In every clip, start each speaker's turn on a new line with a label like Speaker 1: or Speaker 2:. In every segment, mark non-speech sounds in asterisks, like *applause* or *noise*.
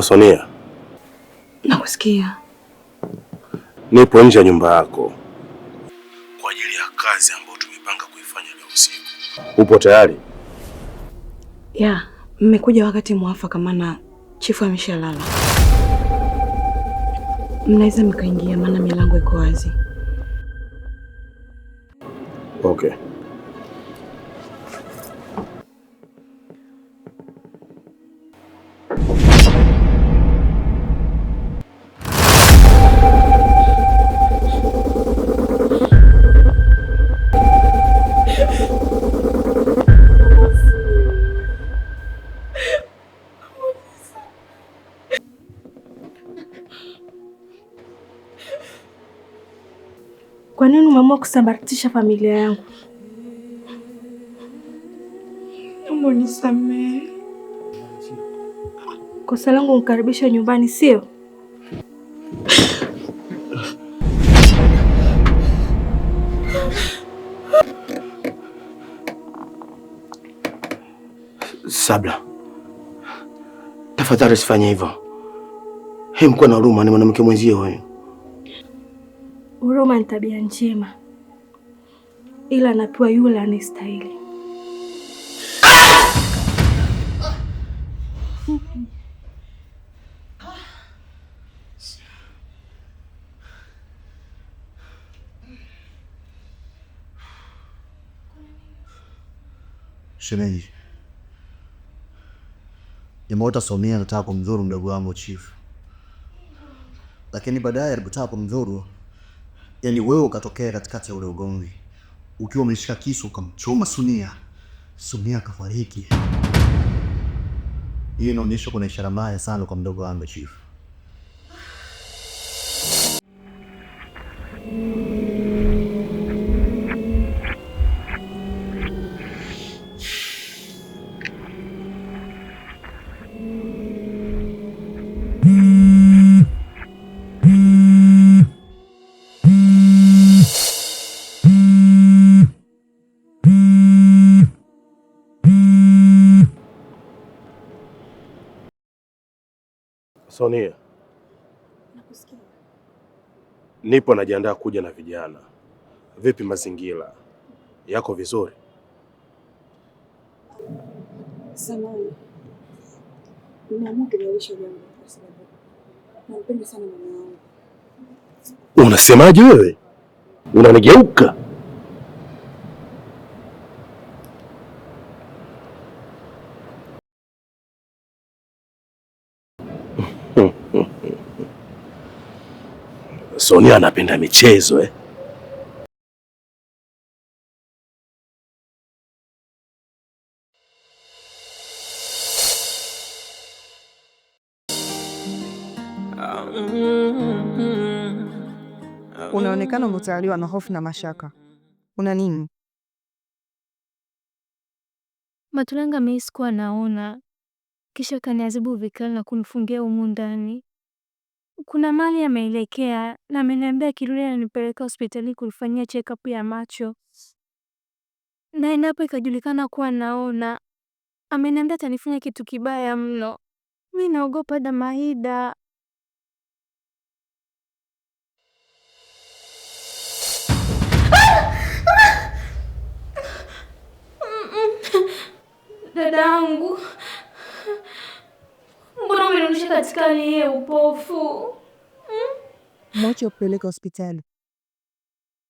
Speaker 1: Hello Sonia.
Speaker 2: Nakusikia.
Speaker 1: Nipo nje ya nyumba yako kwa ajili ya kazi ambayo tumepanga kuifanya leo usiku. Upo tayari?
Speaker 2: Ya, mmekuja wakati mwafaka maana chifu ameshalala. Mnaweza mkaingia maana milango iko wazi. Okay. umeamua kusambaratisha familia yangu. Mungu nisamehe. Kosa langu mkaribisha nyumbani, sio?
Speaker 1: Sabla, tafadhali usifanye hivyo. Hemkuwa na huruma, ni mwanamke mwenzio huyu.
Speaker 2: Huruma ni tabia njema, ila anapewa yule anastahili.
Speaker 1: Shemeji, jamaa Somia nataka kumdhuru mdogo wangu Chifu, lakini baadaye alikutaka kumdhuru yani wewe ukatokea katikati ya ule ugomvi ukiwa umeshika kisu ukamchoma Sunia, Sunia akafariki. Hiyo inaonyesha kuna ishara mbaya sana kwa mdogo wangu Chief. Sonia, nakusikia. Nipo najiandaa kuja na vijana. Vipi mazingira yako? Vizuri.
Speaker 2: Samahani, nimeamua kwa sababu
Speaker 1: Unasemaje wewe? Unanigeuka? Sonia anapenda michezo eh?
Speaker 3: Unaonekana umetawaliwa na hofu na mashaka. Una nini?
Speaker 4: Matulanga ameisikuwa naona, kisha kaniazibu vikali na kunifungia humu ndani. Kuna mali ameelekea na ameniambia akirudi ananipeleka hospitali kulifanyia check up ya macho, na endapo ikajulikana kuwa naona, ameniambia atanifanya kitu kibaya mno. Mi naogopa Damaida. Dadangu mbona umenirudisha katika hali ya upofu hmm?
Speaker 3: Mwache kupeleka hospitali,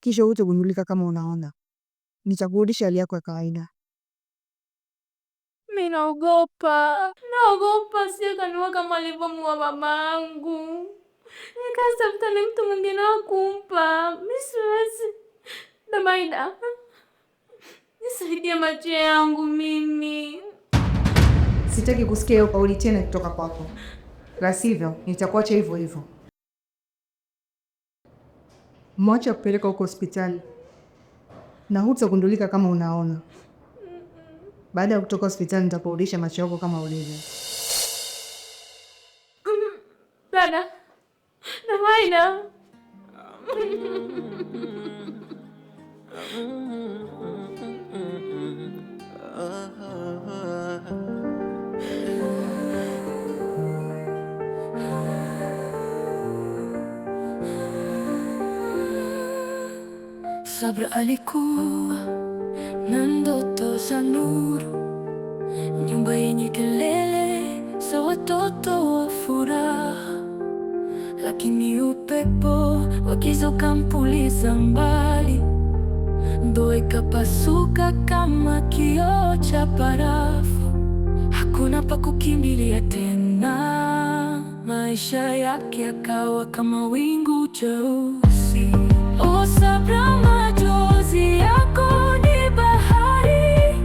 Speaker 3: kisha utagundulika kama unaona. Nitakurudisha hali yako ya kawaida.
Speaker 4: Mi naogopa, naogopa siakaniwa kama alivyomuua mama yangu, nikasafutane mtu mwingine wa kumpa. Mi siwezi. Damaida, nisaidie macho yangu mimi
Speaker 3: Sitaki kusikia hiyo kauli tena kutoka kwako, la sivyo nitakuacha hivyo hivyo. Mwacha kupeleka huko hospitali na hutagundulika kama unaona. Baada ya kutoka hospitali, nitakurudisha macho yako kama ulivyo.
Speaker 4: Dada, Damaina
Speaker 5: Sabra alikuwa na ndoto za nuru, nyumba yenye kelele za watoto wa furaha, lakini upepo wa giza ukampuliza mbali, ndoa ikapasuka kama kioo cha barafu. Hakuna pa kukimbilia tena, maisha yake yakawa kama wingu jeusi. Oh, Sabra yako ni bahari,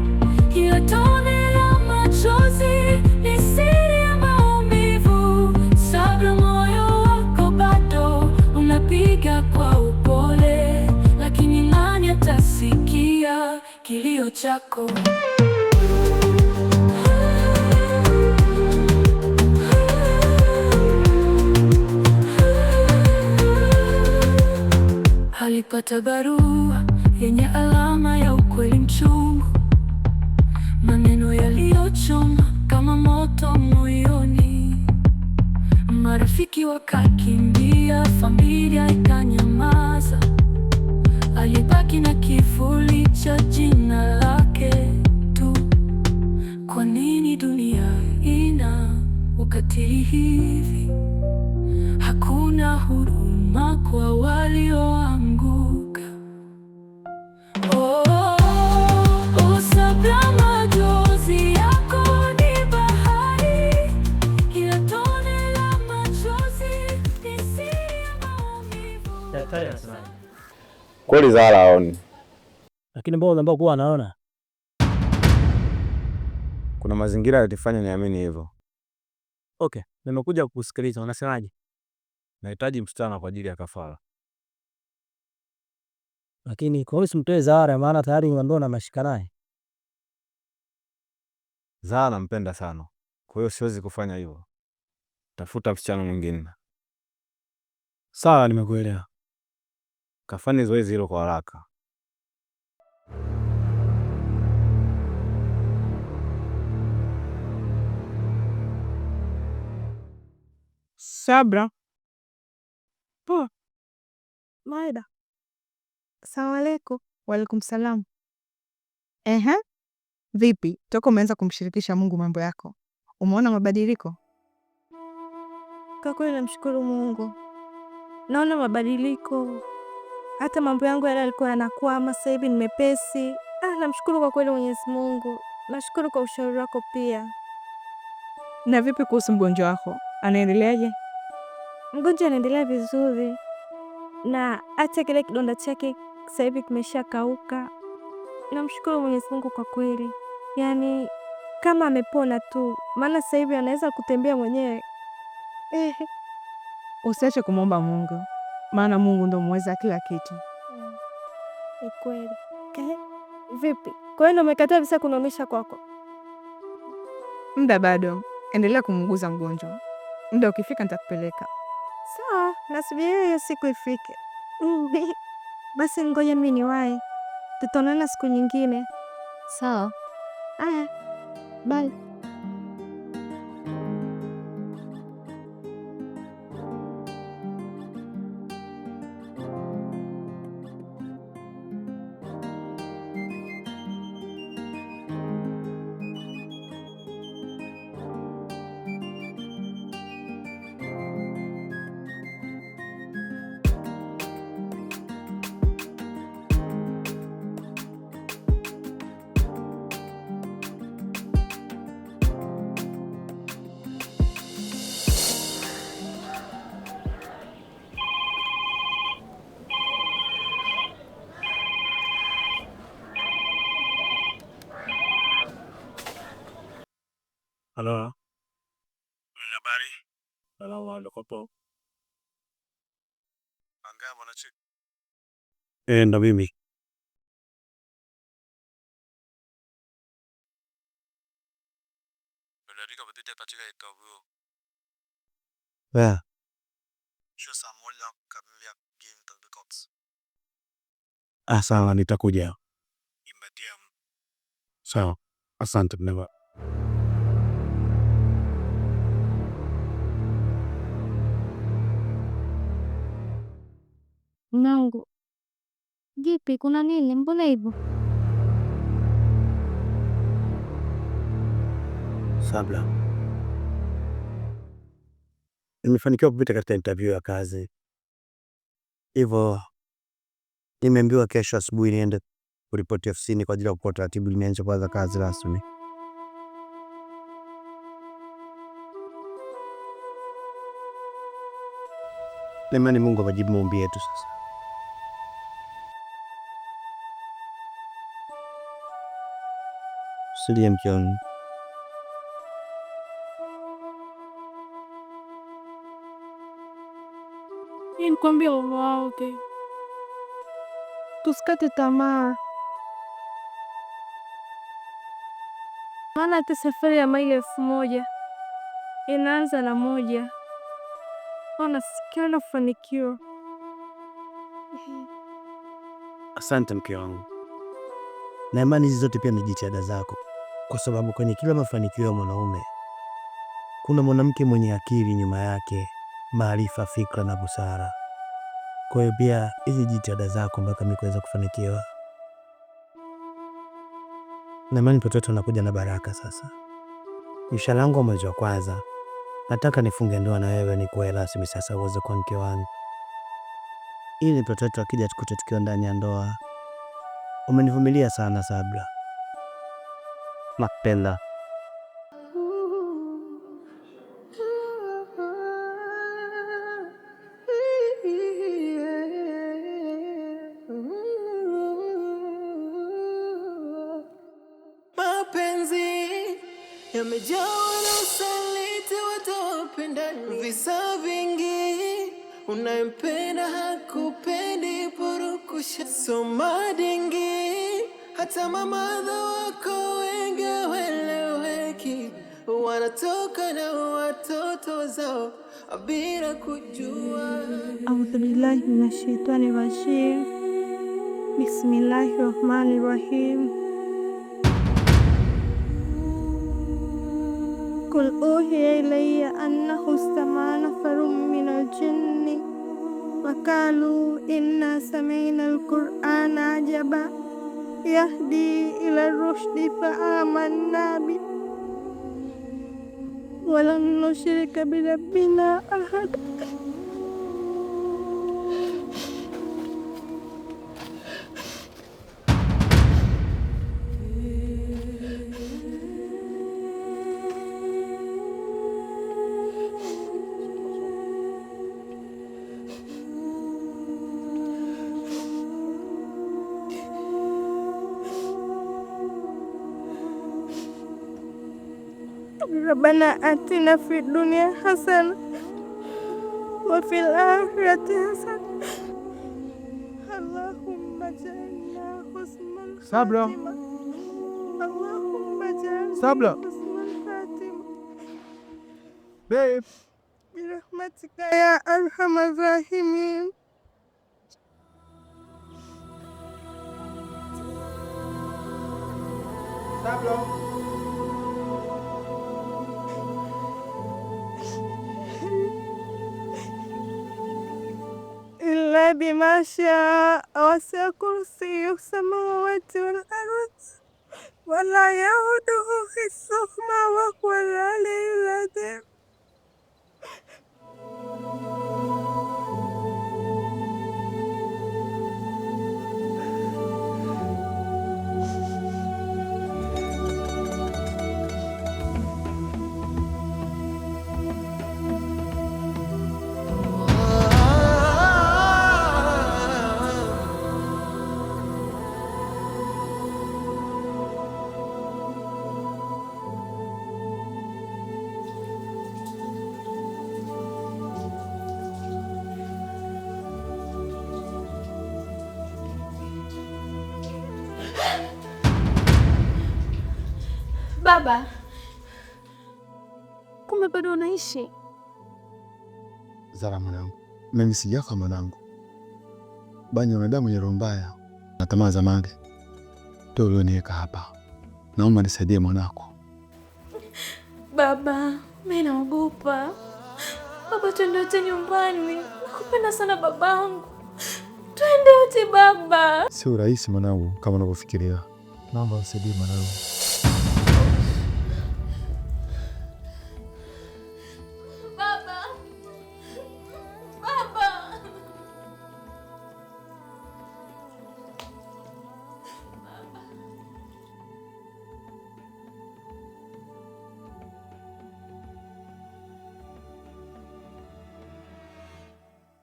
Speaker 5: hiyo tone machozi ni siri maumivu. Sabra, moyo wako bado unapiga kwa upole, lakini nani atasikia kilio chako? Alipata barua yenye alama ya ukweli mchungu, maneno yaliyochoma kama moto moyoni. Marafiki wakakimbia, familia ikanyamaza, alibaki na kivuli cha jina lake tu. Kwa nini dunia ina ukatili hivi? Hakuna huruma kwa walio
Speaker 1: Kweli Zara aoni,
Speaker 3: lakini mbona ambao kuwa anaona
Speaker 1: kuna mazingira yalitufanya niamini hivyo.
Speaker 3: Okay, nimekuja kukusikiliza, unasemaje?
Speaker 1: Nahitaji msichana kwa ajili ya kafara,
Speaker 3: lakini kwa hiyo simtoe Zara, maana tayari ndio namashika naye.
Speaker 1: Zara nampenda sana, kwa hiyo siwezi kufanya hivyo. Tafuta msichana mwingine. Sawa, nimekuelewa kafanye zoezi hilo kwa haraka.
Speaker 3: Sabra
Speaker 4: po Maida,
Speaker 3: salamu alaikum. Waalaikum salam. Ehe, vipi toka umeanza kumshirikisha Mungu mambo yako, umeona mabadiliko?
Speaker 4: Kwa kweli namshukuru Mungu, naona mabadiliko hata mambo yangu yale yalikuwa yanakwama, sasa hivi nimepesi. Ah, namshukuru kwa kweli Mwenyezi Mungu, nashukuru kwa ushauri wako pia.
Speaker 3: Na vipi kuhusu mgonjwa wako, anaendeleaje?
Speaker 4: Mgonjwa anaendelea vizuri, na hata kile kidonda chake sasa hivi kimesha kauka. Namshukuru Mwenyezi Mungu kwa kweli, yaani kama amepona tu, maana sasa hivi anaweza kutembea mwenyewe.
Speaker 3: Usiache kumwomba Mungu maana Mungu ndo muweza kila kitu. Mm.
Speaker 4: Ni kweli. Eh, vipi, kwa hiyo umekataa kabisa kunaonyesha kwako?
Speaker 3: Muda bado, endelea kumuuguza mgonjwa, muda ukifika nitakupeleka.
Speaker 4: Sawa, nasubiri hiyo siku ifike. Mm. *laughs* Basi ngoja mimi niwahi, tutaonana siku nyingine. Sawa. Aya, bye.
Speaker 1: Halo. Habari. Salamu alaikum po.
Speaker 6: Anga, mwananchi.
Speaker 1: Eh, ndo mimi.
Speaker 6: Unaandika matete katika kitabu. Wa. Sio kan game moja kamili mjini Tabikot.
Speaker 1: Ah, sawa so asal Asante mneva.
Speaker 4: Vipi, kuna nini? Mbona hivyo?
Speaker 1: Sabla, nimefanikiwa kupita katika interview ya kazi, hivyo nimeambiwa kesho asubuhi niende kuripoti ofisini kwa ajili ya kupata taratibu nianze kuanza kazi rasmi. Naimani Mungu amejibu maombi yetu sasa. William John
Speaker 4: Nikwambia uwaoke, tusikate tamaa, maana hata safari ya maili elfu moja inaanza na moja. Anasikiana kufanikiwa.
Speaker 1: Asante mke wangu na imani hizi zote pia ni jitihada zako, kwa sababu kwenye kila mafanikio ya mwanaume kuna mwanamke mwenye akili nyuma yake, maarifa, fikra na busara. Kwa hiyo pia hizi jitihada zako mpaka mimi kuweza kufanikiwa, na imani pototo unakuja na baraka. Sasa mshahara wangu wa mwezi wa kwanza nataka nifunge ndoa na wewe, ni kuwe rasmi sasa uweze kuwa mke wangu, ili pototo akija tukute tukiwa ndani ya ndoa Umenivumilia sana Sabra, nakupenda. natoka na watoto zao bila kujua. Audhu billahi minashaitani rajim, bismillahi rahmani rahim.
Speaker 4: Qul uhiya ilayya annahu istama'a nafarun min al-jinni waqalu inna sami'na al-Qur'ana ajaba yahdi ila ar-rushdi fa amanna bihi walang no sila kabila binaahat. ربنا آتنا في الدنيا حسنة وفي الآخرة حسنة اللهم اجعلنا حسن الخاتمة اللهم اجعلنا صبرا حسن الخاتمة Babe. برحمتك يا أرحم الراحمين
Speaker 1: Pablo.
Speaker 4: إلا بما شاء وسع كرسيه السماوات والأرض ولا يعوده حفظهما وهو العلي العظيم
Speaker 7: Baba, kumbe bado unaishi?
Speaker 1: Zara mwanangu, mimi sijafa mwanangu, bali wanadamu wenye roho mbaya na tamaa za mali ndio ulioniweka hapa. Naomba nisaidie mwanako.
Speaker 7: Baba, mimi naogopa baba. Twende wote nyumbani, nakupenda sana babangu, twende wote baba.
Speaker 1: Sio rahisi mwanangu kama unavyofikiria. Naomba nisaidie mwanangu.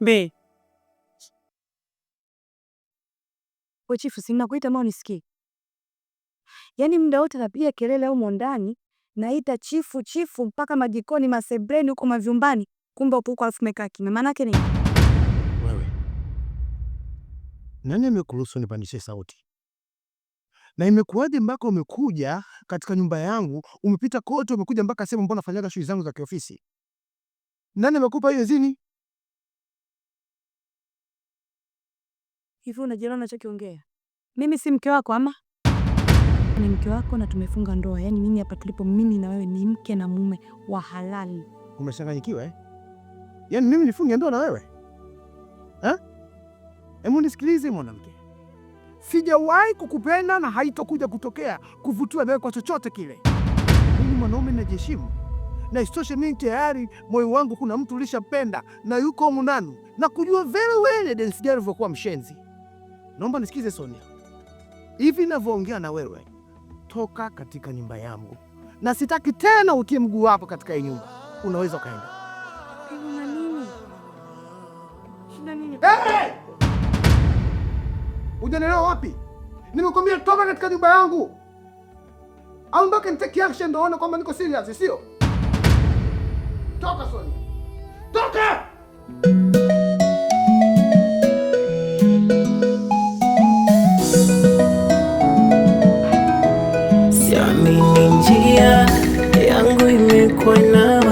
Speaker 3: Mbe. Wewe chifu, si nakuita mbona unisikii? Yaani muda wote napiga kelele humo ndani, naita chifu chifu mpaka majikoni, masebreni huko mavyumbani, kumbe upo huko alafu umekaa kimya. Maana yake nini?
Speaker 8: Wewe. Nani amekuruhusu nipandishe sauti? Na imekuwaje mpaka umekuja katika nyumba yangu, umepita kote, umekuja mpaka sehemu mbona nafanyaga shughuli zangu za kiofisi? Nani amekupa hiyo idhini?
Speaker 3: Hivi unajiona unachokiongea? Mimi si mke wako ama? Ni mke wako na tumefunga ndoa. Yaani mimi hapa tulipo mimi na wewe ni mke na mume wa halali.
Speaker 8: Umechanganyikiwa eh? Yaani mimi nifunge ndoa na wewe? Hebu nisikilize mwanamke. Sijawahi kukupenda na haitokuja kutokea kuvutiwa nawe kwa chochote kile. Mimi mwanaume najiheshimu. Na isitoshe mimi tayari moyo wangu kuna mtu ulishapenda na yuko mnanu. na kujua very well jinsi gani ulivyokuwa mshenzi. Naomba nisikize Sonia, hivi ninavyoongea na wewe, toka katika nyumba yangu, na sitaki tena utie mguu wako katika hii nyumba. Unaweza ukaenda.
Speaker 7: Kuna nini? nini? Hey!
Speaker 8: Ujanelewa wapi? Nimekuambia toka katika nyumba yangu, ni take action, ndio uone kwamba niko serious, sio? Toka Sonia, toka!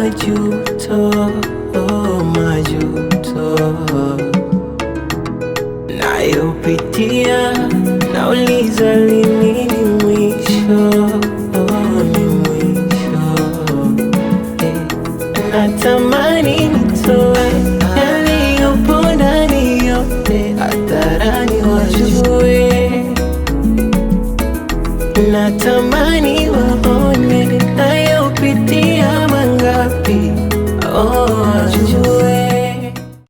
Speaker 8: majuto, oh, majuto nayopitia, nauliza lini mwisho, oh, ni mwisho eh. Natamani nitoe yaliyopo yote hadharani, wajue natamani